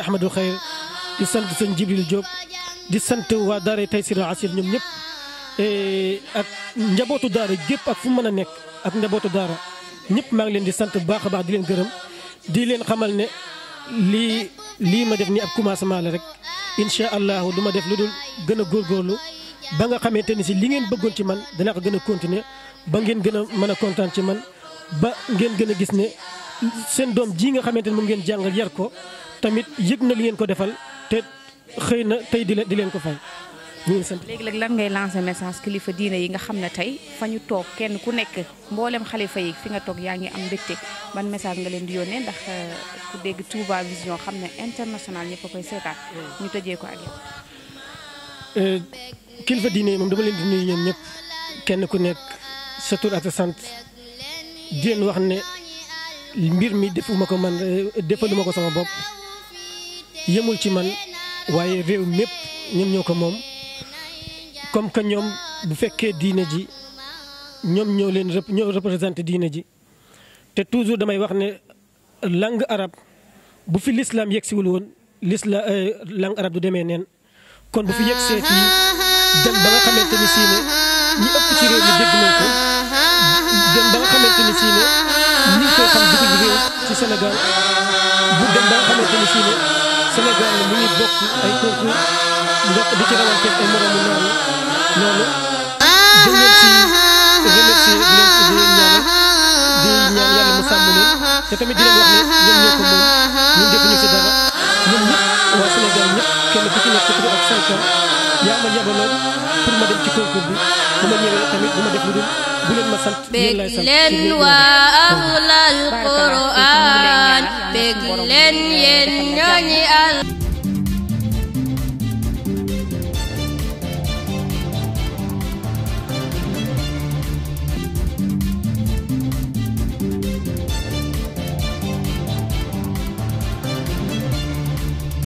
ahmadou xayr di sant sëñ jibril Diop di sant waa daara Taysiir al Asiir ñoom ñëpp e, ak njabootu daara gépp ak fu mën a nekk ak njabootu daara ñëpp maa ngi leen di sant bu baax a baax di leen gërëm di leen xamal ne lii lii ma def nii ab commencement la rek incha allahu du ma def lu dul gën a góorlu ba nga xamante ni si li ngeen bëggoon ci man danaa ko gën a continuer ba ngeen gën a mën a kontaan ci man ba ngeen gën a gis ne seen doom jii nga xamante ne moom ngeen jàngal yar ko tamit yëg na li ngeen ko defal te xëy na tey di di leen ko fay. léegi nag lan ngay lancé message kilifa diine yi nga xam ne tey fa ñu toog kenn ku nekk mbooleem xalifa yi fi nga toog yaa ngi am mbégte ban message nga leen di yónnee ndax euh, ku dégg Touba Vision xam ne international ñëpp a koy seetaan ñu tëjee ko ak yow. Euh, kilifa diine yi moom dama leen di nuyu ñoom ñëpp kenn ku nekk sa tur ak sa sant di leen wax ne mbir mi defuma ko man euh, defaluma ko sama bopp. yëmul ci man waaye réew mépp ñoom ñoo ko moom comme que ñoom bu fekkee diine ji ñoom ñoo leen ñoo représenté diine ji te toujours damay wax ne langue arabe bu fi l'islam yegsiwul woon l'islam euh, langue arabe du demee neen kon bu fi yegsee fii dem ba nga xamante ëpp ci réew mi dégg nañ ko dem ba nga xamante ni sii ne ñi ngi koy xam bitim réew ci Sénégal bu dem ba nga xamante ni Sénégal bu ñuy bokk ay concours bokk di ci rawante ay moromu noonu loolu di leen ci remercier di leen ci di leen ñaanal di ñaan yàlla mu sàmm leen te tamit di leen wax ne ñoom ñoo ko moom ñun defuñu ci dara ñun ñëpp waa Sénégal ñëpp kenn ku ci nekk ci ak cinq ans yaa ma yabaloon pour ma dem ci concours bi bu ma ñëwee tamit bu ma def lu dul bu leen ma sant. yéen laay sant yéen ñooñi al